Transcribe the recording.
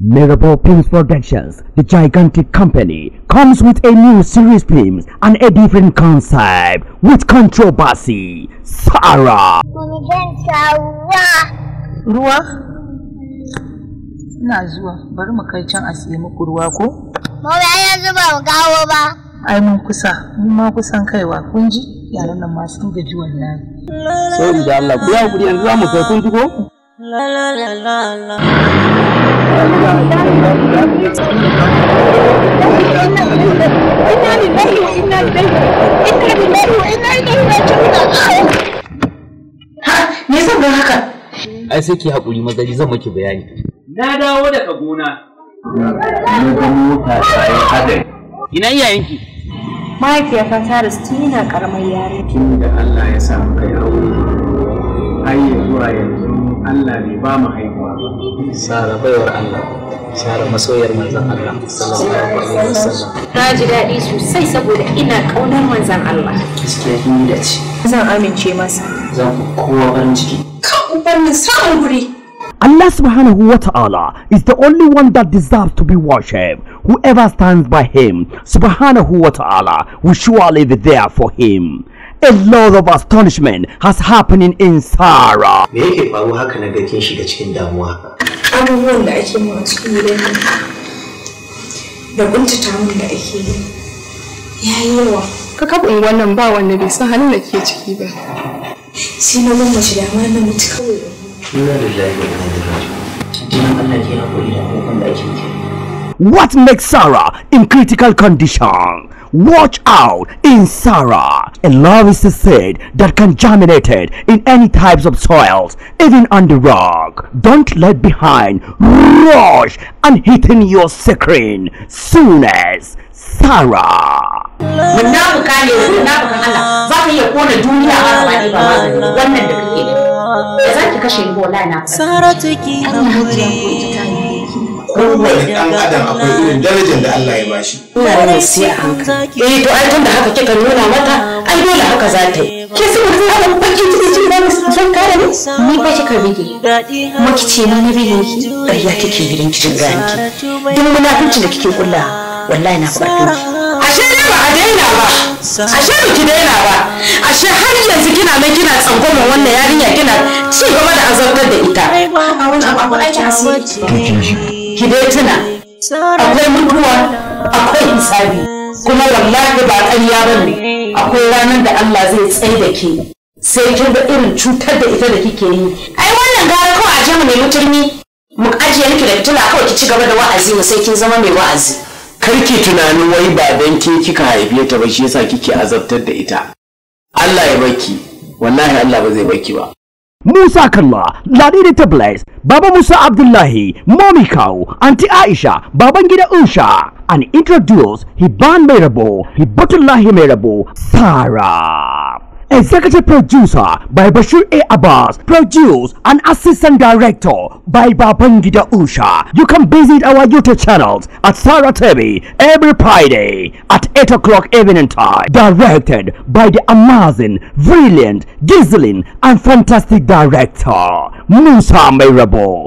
Mirabo Films Productions, the gigantic company, comes with a new series films and a different concept with controversy. Sarah. Ruwa? Ina zuwa, bari mu kai can a siye muku ruwa ko? Mama ya zuba mu gawo ba. Ai mun kusa, mun ma kusan kaiwa, kun ji? Yaran nan masu sun gaji wallahi. Sorry da Allah, ku ya yanzu za mu kai kun ji ko? La la la la. Me zan ga haka? Ai sai ki haƙuri mazari zan maki bayani. Na dawo daga gona. Na ga mota ta yi hadari. Ina iyayenki? Mahaifiyata ta rasu tun yana ƙaramar yare. Tun da Allah ya samu kai aure har ya zuwa yanzu Allah bai ba mu haihuwa ba sara baiwar Allah sara masoyar manzon Allah sallallahu alaihi wasallam na ji daɗi sosai saboda ina kaunar manzon Allah gaskiya kin yi dace zan amince masa zan kowa farin ciki ka ubar ni guri Allah subhanahu wa ta'ala is the only one that deserves to be worshipped. Whoever stands by him, subhanahu wa ta'ala, will surely be there for him. A lot of astonishment has happening in Sarah. Me yake faru haka na ga kin shiga cikin damuwa haka? Abubuwan da ake mu a cikin gidan da kuntata mun da ake yi. ya yi yawa. Ka kabin wannan ba wanda bai san halin da ke ciki ba. Sai na mun mace da ma na mutu kawai. Ina da lafiya ina da rajuwa. Jinin Allah ke hakuri da abubuwan da ake yi. What makes Sarah in critical condition? Watch out in Sarah. A love is a seed that can germinate in any types of soils, even under rock. Don't let behind rush and hit in your screen soon as Sarah. kowane ɗan adam akwai irin darajar da Allah ya bashi. Ina da nasiya hankali. Eh to ai tunda haka kika nuna mata ai dole haka za ta yi. Ke saboda zai haɗa baki kike jin ba mu son kare ni? Ni ba kika rige. Kuma kice ni na bige ki. ya kike gidan kicin ki? Duk munafincin da kike kulla wallahi na faɗa Ashe ne ba a daina ba. Ashe ba ki daina ba. Ashe har yanzu kina nan kina tsangwama wannan yarinya kina ci gaba da azabtar da ita. Ai ba wani abu ta asiri. ki dai tuna akwai mutuwa akwai hisabi kuma wallahi ba ƙarya ba ne akwai ranar da Allah zai tsaye da ke sai kin ga irin cutar da ita da kike yi ai wannan gara kawai a jama mai muturmi mu ajiye miki da tuna kawai ki ci gaba da wa'azi mu sai kin zama mai wa'azi karki tunanin wai ba dan ke kika haife ta ba shi yasa kike azabtar da ita Allah ya baki wallahi Allah ba zai baki ba Musa Kalla, Ladidi Tablet, Baba Musa Abdullahi, Mommy Cow, Auntie Aisha, Babangida Usha, and introduce Hiban Mirabo, Hibatullahi Mirabo, Sarah. Executive Producer by Bashir A. Abbas. Produced and Assistant Director by Babangida Usha. You can visit our YouTube channels at Sarah TV every Friday at 8 o'clock evening time. Directed by the amazing, brilliant, dazzling and fantastic director, Musa Mirabo.